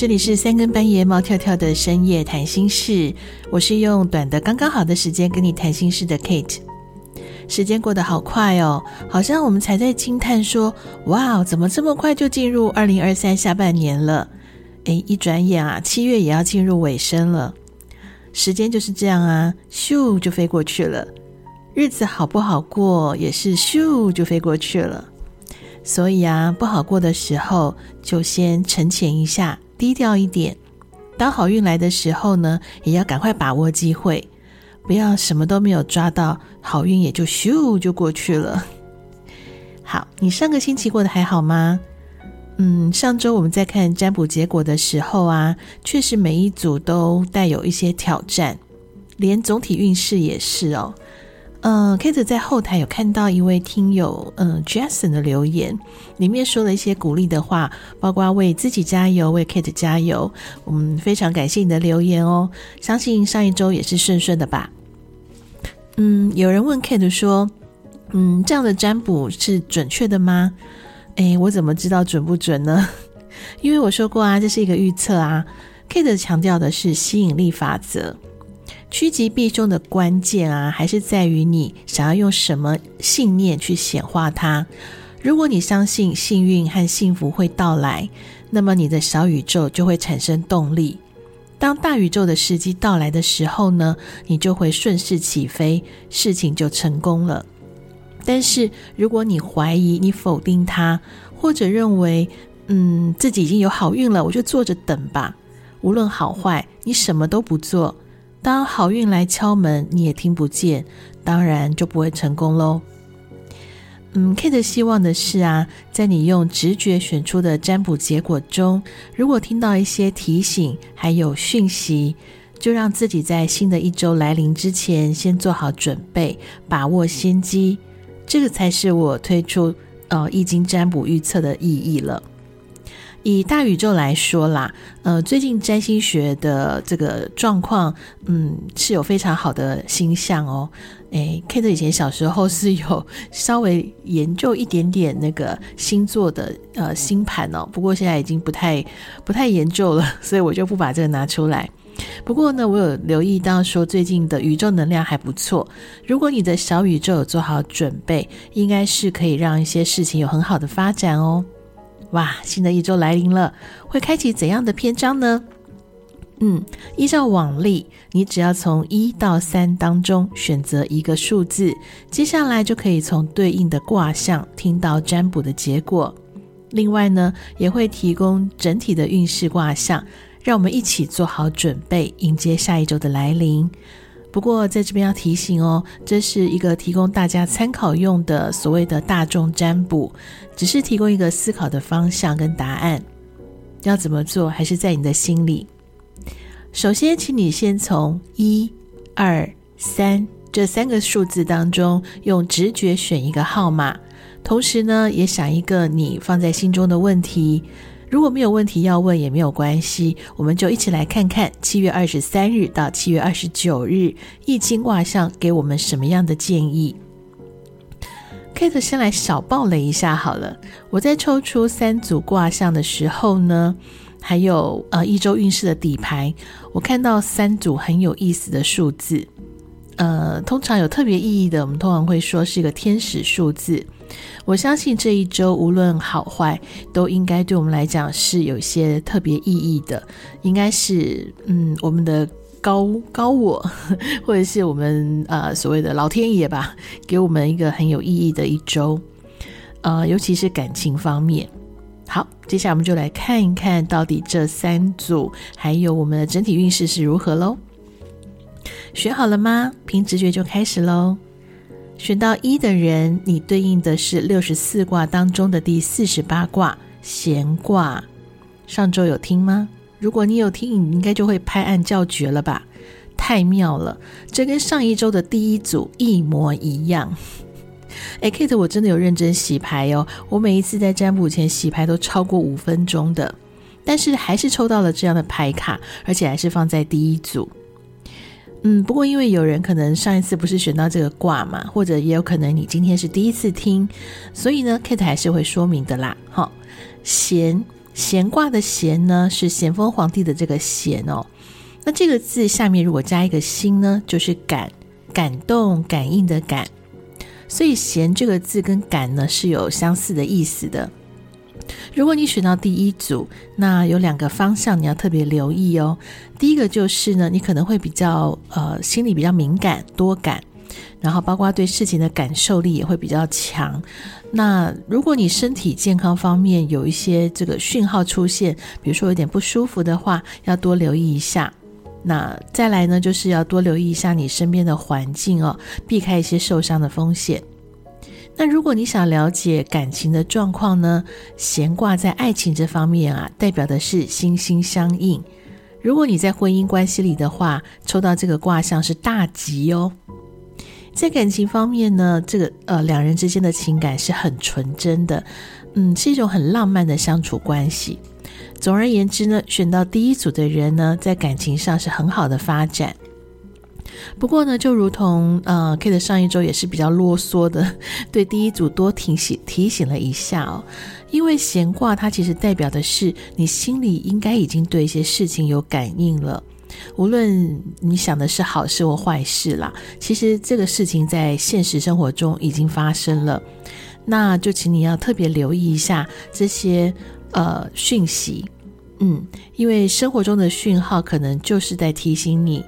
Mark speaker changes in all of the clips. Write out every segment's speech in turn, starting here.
Speaker 1: 這裡是三更半夜貓跳跳的深夜談心室，我是用短的剛剛好的時間跟你談心事的 Kate。時間過得好快哦，好像我們才在驚嘆說：“哇，怎麼這麼快就進入二零二三下半年了？”哎，一轉眼啊，七月也要進入尾聲了。時間就是這樣啊，咻就飛過去了。日子好不好過，也是咻就飛過去了。所以啊，不好過的時候，就先沉潛一下。低調一點，當好運來的時候呢，也要趕快把握機會，不要什麼都沒有抓到，好運也就咻就過去了。好，你上個星期過得還好嗎？嗯，上周我們在看占卜結果的時候啊，確實每一組都帶有一些挑戰，連總體運勢也是哦。嗯、呃，Kate 在後台有看到一位聽友，嗯、呃，Jason 的留言，裡面說了一些鼓勵的話，包括為自己加油，為 Kate 加油。嗯、我們非常感謝你的留言哦，相信上一周也是順順的吧。嗯，有人問 Kate 說，嗯，這樣的占卜是準確的嗎？誒，我怎麼知道準不準呢？因為我說過啊，這是一個預測啊。Kate 強調的是吸引力法則。趨吉避凶的關鍵啊，還是在於你想要用什麼信念去顯化它。如果你相信幸運和幸福會到來，那麼你的小宇宙就會產生動力。當大宇宙的時機到來的時候呢，你就會順勢起飛，事情就成功了。但是如果你懷疑、你否定它，或者認為嗯自己已經有好運了，我就坐着等吧，無論好壞，你什麼都不做。當好運來敲門，你也聽不見，當然就不會成功嘍。嗯，Kate 希望的是啊，在你用直覺選出的占卜結果中，如果聽到一些提醒還有訊息，就讓自己在新的一周來臨之前先做好準備，把握先機。這個才是我推出呃《易經》占卜預測的意義了。以大宇宙來說啦，呃，最近占星學的這個狀況，嗯，是有非常好的星象哦。誒，Kate 以前小時候是有稍微研究一點點那個星座的，呃，星盤哦，不過現在已經不太不太研究了，所以我就不把這個拿出來。不過呢，我有留意到說最近的宇宙能量還不錯，如果你的小宇宙有做好準備，應該是可以讓一些事情有很好的發展哦。哇，新的一週來臨了，會開啟怎樣的篇章呢？嗯，依照往例，你只要從一到三當中選擇一個數字，接下來就可以從對應的卦象聽到占卜的結果。另外呢，也會提供整體的運勢卦象，讓我們一起做好準備，迎接下一週的來臨。不過，在這邊要提醒哦，這是一個提供大家參考用的所謂的大眾占卜，只是提供一個思考的方向跟答案。要怎麼做，還是在你的心裡。首先，請你先從一、二、三這三個數字當中，用直覺選一個號碼，同時呢，也想一個你放在心中的問題。如果沒有問題要問也沒有關係，我們就一起來看看七月二十三日到七月二十九日易經卦象給我們什麼樣的建議。Kate 先來小爆雷一下好了，我在抽出三組卦象的時候呢，還有呃一周運勢的底牌，我看到三組很有意思的數字，呃，通常有特別意義的，我們通常會說是一個天使數字。我相信這一周無論好壞，都應該對我們來講是有一些特別意義的。應該是，嗯，我們的高高我，或者是我們呃所謂的老天爺吧，給我們一個很有意義的一周。呃，尤其是感情方面。好，接下來我們就來看一看到底這三組還有我們的整體運勢是如何嘍。學好了嗎？憑直覺就開始嘍。選到一的人，你對應的是六十四卦當中的第四十八卦，——閒卦。上周有聽嗎？如果你有聽，你應該就會拍案叫絕了吧？太妙了，這跟上一周的第一組一模一樣。誒、哎、Kate，我真的有認真洗牌哦。我每一次在占卜前洗牌都超過五分鐘的，但是還是抽到了這樣的牌卡，而且還是放在第一組。嗯，不過因為有人可能上一次不是選到這個卦嘛，或者也有可能你今天是第一次聽，所以呢，Kate 還是會說明的啦。好、哦，鹹鹹卦的鹹呢是咸豐皇帝的這個咸哦，那這個字下面如果加一個心呢，就是感、感動、感應的感，所以鹹這個字跟感呢是有相似的意思的。如果你選到第一組，那有兩個方向你要特別留意哦。第一個就是呢，你可能會比較呃，心裡比較敏感、多感，然後包括對事情的感受力也會比較強。那如果你身體健康方面有一些這個訊號出現，比如說有點不舒服的話，要多留意一下。那再來呢，就是要多留意一下你身邊的環境哦，避開一些受傷的風險。那如果你想了解感情的狀況呢？咸卦在愛情這方面啊，代表的是心心相印。如果你在婚姻關係裡的話，抽到這個卦象是大吉喲、哦。在感情方面呢，這個呃兩人之間的情感是很純真的，嗯，是一種很浪漫的相處關係。總而言之呢，選到第一組的人呢，在感情上是很好的發展。不過呢，就如同呃，Kate 上一週也是比較囉嗦的，對第一組多提醒提醒了一下哦。因為咸卦它其實代表的是你心裡應該已經對一些事情有感應了，無論你想的是好事或壞事啦。其實這個事情在現實生活中已經發生了，那就請你要特別留意一下這些呃訊息。嗯，因為生活中的訊號可能就是在提醒你。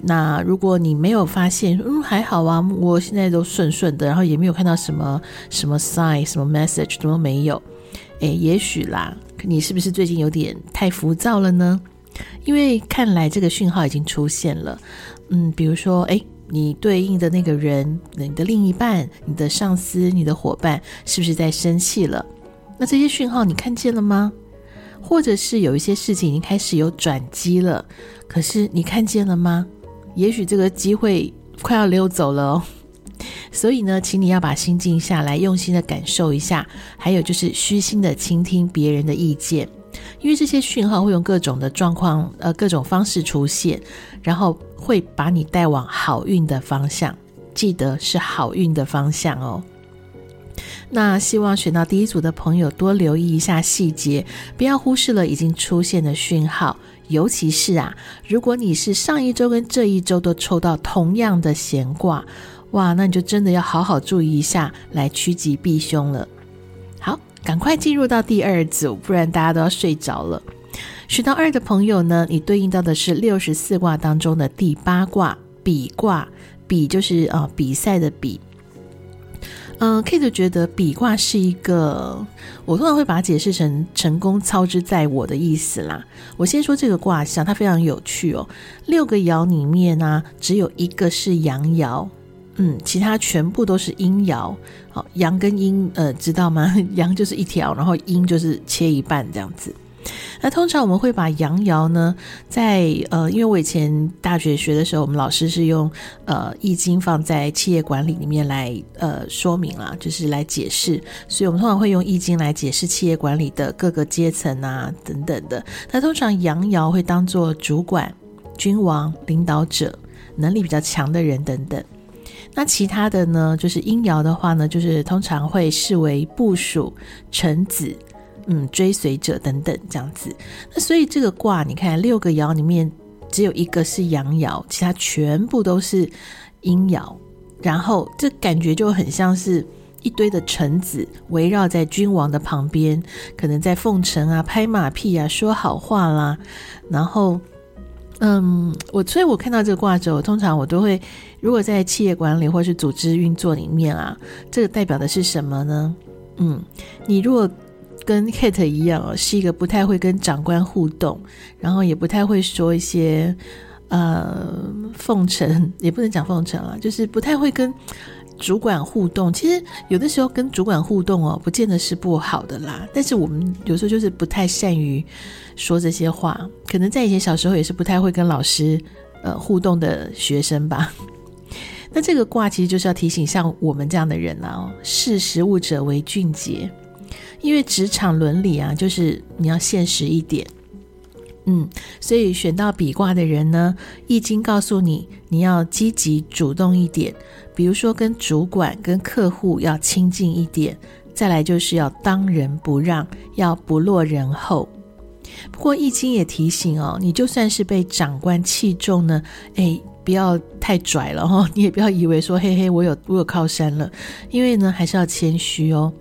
Speaker 1: 那如果你沒有發現，嗯，還好啊，我現在都順順的，然後也沒有看到什麼什麼 sign、什麼 message 都沒有。誒，也許啦，你是不是最近有點太浮躁了呢？因為看來這個訊號已經出現了。嗯，比如說，誒，你對應的那個人、你的另一半、你的上司、你的伙伴，是不是在生氣了？那這些訊號你看見了嗎？或者是有一些事情已經開始有轉機了，可是你看見了嗎？也許這個機會快要溜走了哦。所以呢，請你要把心靜下來，用心的感受一下，還有就是虛心的傾聽別人的意見，因為這些訊號會用各種的狀況，呃，各種方式出現，然後會把你帶往好運的方向。記得是好運的方向哦。那希望選到第一組的朋友多留意一下細節，不要忽視了已經出現的訊號。尤其是啊，如果你是上一周跟這一周都抽到同樣的閒卦，哇，那你就真的要好好注意一下，來趨吉避凶了。好，趕快進入到第二組，不然大家都要睡着了。選到二的朋友呢，你對應到的是六十四卦當中的第八卦，比卦，比就是啊、呃、比賽的比。嗯，Kate 覺得比卦是一個，我通常會把它解釋成成功操之在我的意思啦。我先說這個卦象，它非常有趣哦。六個爻裡面呢、啊，只有一個是陽爻，嗯，其他全部都是陰爻。好，陽跟陰，呃，知道嗎？陽就是一條，然後陰就是切一半這樣子。那通常我們會把陽爻呢，在呃，因為我以前大學學的時候，我們老師是用呃《易經》放在企業管理裡面來呃說明啊，就是來解釋，所以我們通常會用《易經》來解釋企業管理的各個階層啊等等的。那通常陽爻會當做主管、君王、領導者、能力比較強的人等等。那其他的呢，就是陰爻的話呢，就是通常會視為部屬、臣子。嗯，追隨者等等這樣子，那所以這個卦你看，六個爻裡面只有一個是陽爻，其他全部都是陰爻，然後這感覺就很像是一堆的臣子圍繞在君王的旁邊，可能在奉承啊、拍馬屁啊、說好話啦，然後嗯，我所以我看到這個卦之後，通常我都會如果在企業管理或是組織運作裡面啊，這個代表的是什麼呢？嗯，你如果。跟 Kate 一樣哦，是一個不太會跟長官互動，然後也不太會說一些呃奉承，也不能講奉承啊。就是不太會跟主管互動。其實有的時候跟主管互動哦，不見得是不好的啦。但是我們有時候就是不太善於說這些話，可能在以前小時候也是不太會跟老師呃互動的學生吧。那這個卦其實就是要提醒像我們這樣的人啊、哦，識時務者為俊傑。因為職場倫理啊，就是你要現實一點，嗯，所以選到比卦的人呢，《易經》告訴你，你要積極主動一點，比如說跟主管、跟客戶要親近一點，再來就是要當仁不讓，要不落人後。不過，《易經》也提醒哦，你就算是被長官器重呢，誒不要太拽了哈、哦，你也不要以為說嘿嘿，我有我有靠山了，因為呢還是要謙虛哦。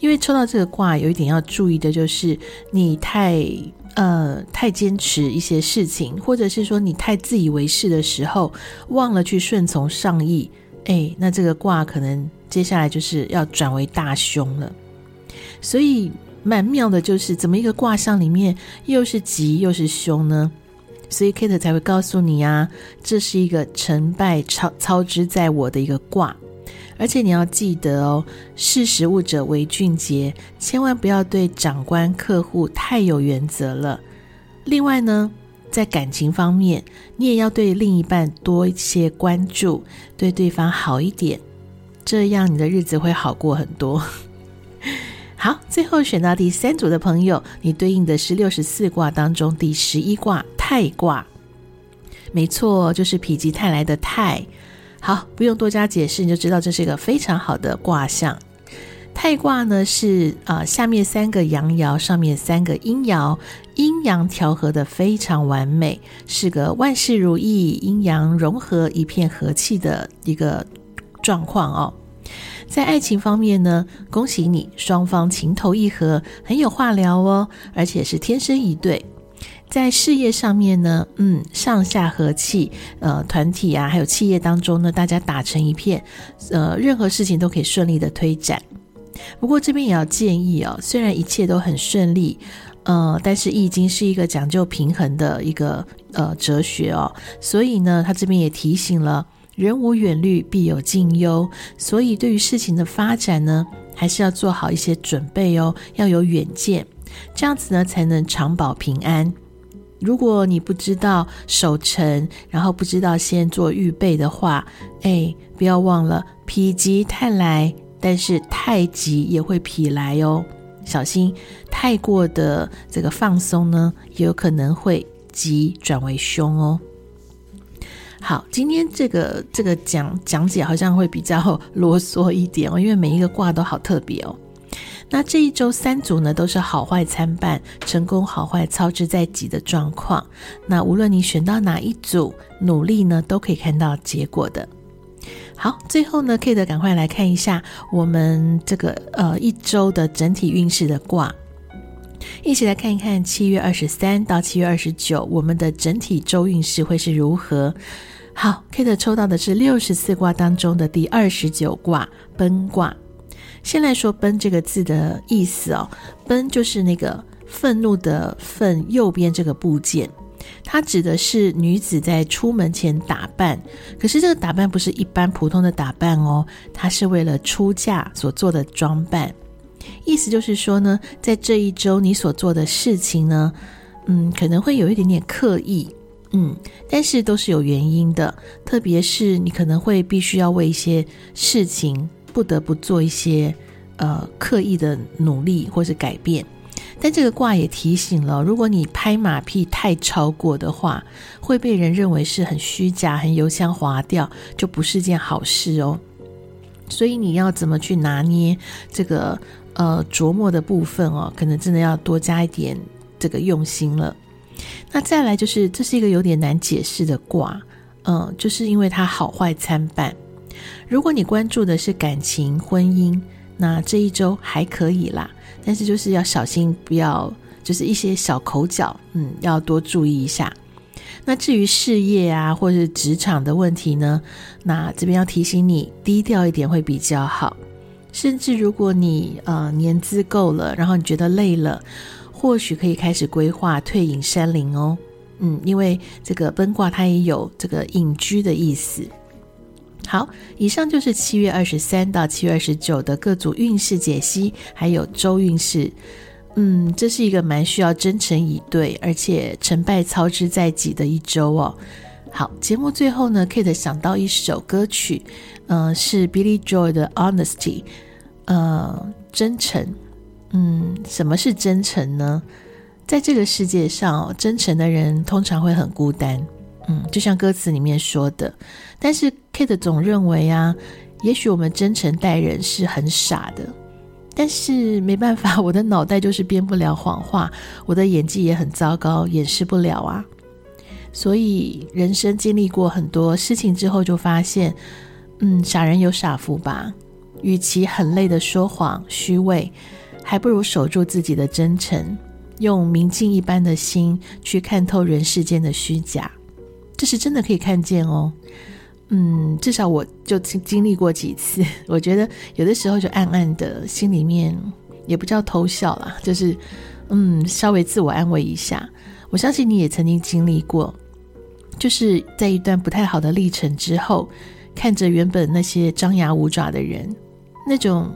Speaker 1: 因為抽到這個卦有一點要注意的就是，你太呃太堅持一些事情，或者是說你太自以為是的時候，忘了去順從上意，哎，那這個卦可能接下來就是要轉為大凶了。所以蠻妙的就是，怎麼一個卦象裡面又是吉又是凶呢？所以 Kate 才會告訴你啊，這是一個成敗操操之在我的一個卦，而且你要記得哦，識時務者為俊傑，千萬不要對長官、客戶太有原則了。另外呢，在感情方面，你也要對另一半多一些關注，對對方好一點，這樣你的日子會好過很多。好，最後選到第三組的朋友，你對應的是六十四卦當中第十一卦。泰卦，沒錯，就是否極泰來的泰。好，不用多加解釋，你就知道這是一個非常好的卦象。泰卦呢，是啊、呃，下面三個陽爻，上面三個陰爻，陰陽調和的非常完美，是個萬事如意、陰陽融合、一片和氣的一個狀況哦。在愛情方面呢，恭喜你，雙方情投意合，很有話聊哦，而且是天生一對。在事業上面呢，嗯，上下和氣，呃，團體啊，還有企業當中呢，大家打成一片，呃，任何事情都可以順利的推展。不過這邊也要建議哦，雖然一切都很順利，呃，但是易經是一個講究平衡的一個，呃，哲學哦，所以呢，他這邊也提醒了，人無遠慮，必有近憂。所以對於事情的發展呢，還是要做好一些準備哦，要有遠見，這樣子呢，才能長保平安。如果你不知道守成，然後不知道先做預備的話，哎，不要忘了，否極泰來，但是泰極也會否來哦，小心太過的這個放鬆呢，也有可能會急轉為凶哦。好，今天這個這個講講解好像會比較囉嗦一點哦，因為每一個卦都好特別哦。那這一周三組呢，都是好壞參半，成功好壞操之在己的狀況。那無論你選到哪一組，努力呢都可以看到結果的。好，最後呢，Kate 趕快來看一下我們這個呃一周的整體運勢的卦，一起來看一看七月二十三到七月二十九我們的整體周運勢會是如何。好，Kate 抽到的是六十四卦當中的第二十九卦奔卦。先來說“賁”這個字的意思哦，“賁”就是那個憤怒的“憤”右邊這個部件，它指的是女子在出門前打扮。可是這個打扮不是一般普通的打扮哦，它是為了出嫁所做的裝扮。意思就是說呢，在這一周你所做的事情呢，嗯，可能會有一點點刻意，嗯，但是都是有原因的。特別是你可能會必須要為一些事情。不得不做一些呃刻意的努力或是改變，但這個卦也提醒了，如果你拍馬屁太超過的話，會被人認為是很虛假、很油腔滑調，就不是件好事哦。所以你要怎麼去拿捏這個呃琢磨的部分哦，可能真的要多加一點這個用心了。那再來就是，這是一個有點難解釋的卦，嗯、呃，就是因為它好壞參半。如果你關注的是感情、婚姻，那這一周還可以啦，但是就是要小心，不要就是一些小口角，嗯，要多注意一下。那至於事業啊，或是職場的問題呢，那這邊要提醒你，低調一點會比較好。甚至如果你呃年資夠了，然後你覺得累了，或許可以開始規劃退隱山林哦，嗯，因為這個賁卦它也有這個隱居的意思。好，以上就是七月二十三到七月二十九的各組運勢解析，還有周運勢。嗯，這是一個蠻需要真誠以對，而且成敗操之在己的一周哦。好，節目最後呢，Kate 想到一首歌曲，嗯、呃，是 Billy Joel 的《Honesty》，呃，嗯，真誠。嗯，什麼是真誠呢？在這個世界上，真誠的人通常會很孤單。嗯，就像歌詞裡面說的，但是 Kate 總認為啊，也許我們真誠待人是很傻的，但是沒辦法，我的腦袋就是編不了謊話，我的演技也很糟糕，掩飾不了啊。所以人生經歷過很多事情之後，就發現，嗯，傻人有傻福吧。與其很累的說謊虛偽，還不如守住自己的真誠，用明鏡一般的心去看透人世間的虛假。這是真的可以看見哦，嗯，至少我就經經歷過幾次，我覺得有的時候就暗暗的心裡面也不叫偷笑啦，就是嗯，稍微自我安慰一下。我相信你也曾經經歷過，就是在一段不太好的歷程之後，看着原本那些張牙舞爪的人，那種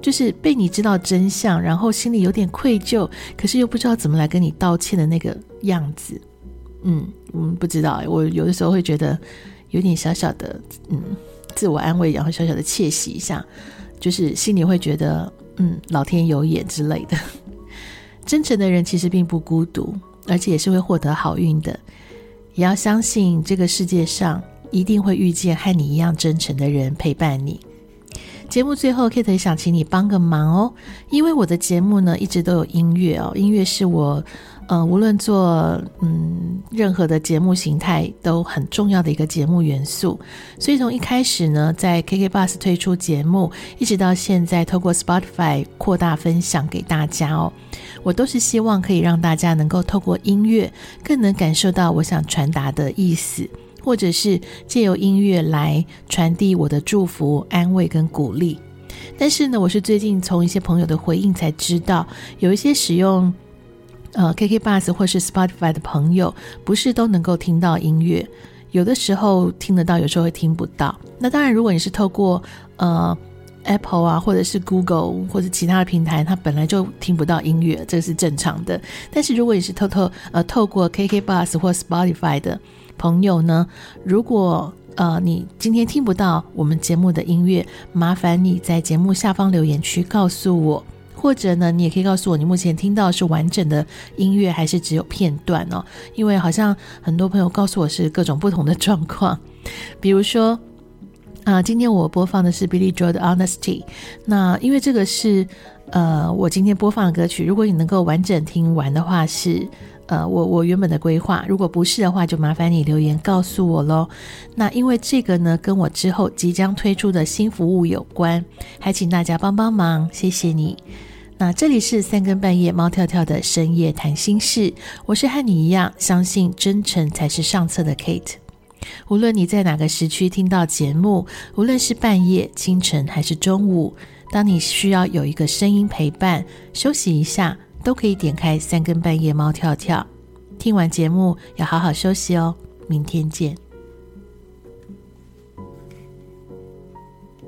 Speaker 1: 就是被你知道真相，然後心裡有點愧疚，可是又不知道怎麼來跟你道歉的那個樣子。嗯，嗯，不知道，我有的時候會覺得有點小小的嗯，自我安慰，然後小小的竊喜一下，就是心裡會覺得嗯，老天有眼之類的。真誠的人其實並不孤獨，而且也是會獲得好運的。也要相信這個世界上一定會遇見和你一樣真誠的人陪伴你。節目最後，Kate 想請你幫個忙哦，因為我的節目呢，一直都有音樂哦，音樂是我，呃，無論做嗯任何的節目形態都很重要的一個節目元素，所以從一開始呢，在 KKBOX 推出節目，一直到現在透過 Spotify 擴大分享給大家哦，我都是希望可以讓大家能夠透過音樂，更能感受到我想傳達的意思。或者是借由音樂來傳遞我的祝福、安慰跟鼓勵。但是呢，我是最近從一些朋友的回應才知道，有一些使用呃 KKBOX 或是 Spotify 的朋友，不是都能夠聽到音樂。有的時候聽得到，有時候會聽不到。那當然，如果你是透過呃 Apple 啊，或者是 Google 或者其他的平台，它本來就聽不到音樂，這個是正常的。但是如果你是透透呃透過 KKBOX 或 Spotify 的。朋友呢，如果呃，你今天聽不到我們節目的音樂，麻煩你在節目下方留言區告訴我，或者呢，你也可以告訴我你目前聽到的是完整的音樂還是只有片段哦，因為好像很多朋友告訴我是各種不同的狀況，比如說啊、呃，今天我播放的是 Billy Joel 的 Honesty，那因為這個是呃，我今天播放的歌曲，如果你能夠完整聽完的話是。呃，我我原本的規劃，如果不是的話，就麻煩你留言告訴我嘍。那因為這個呢，跟我之後即將推出的新服務有關，還請大家幫幫忙，謝謝你。那這裡是三更半夜，貓跳跳的深夜談心室，我是和你一樣相信真誠才是上策的 Kate。無論你在哪個時區聽到節目，無論是半夜、清晨還是中午，當你需要有一個聲音陪伴，休息一下。都可以點開三更半夜貓跳跳，聽完節目要好好休息哦，明天見。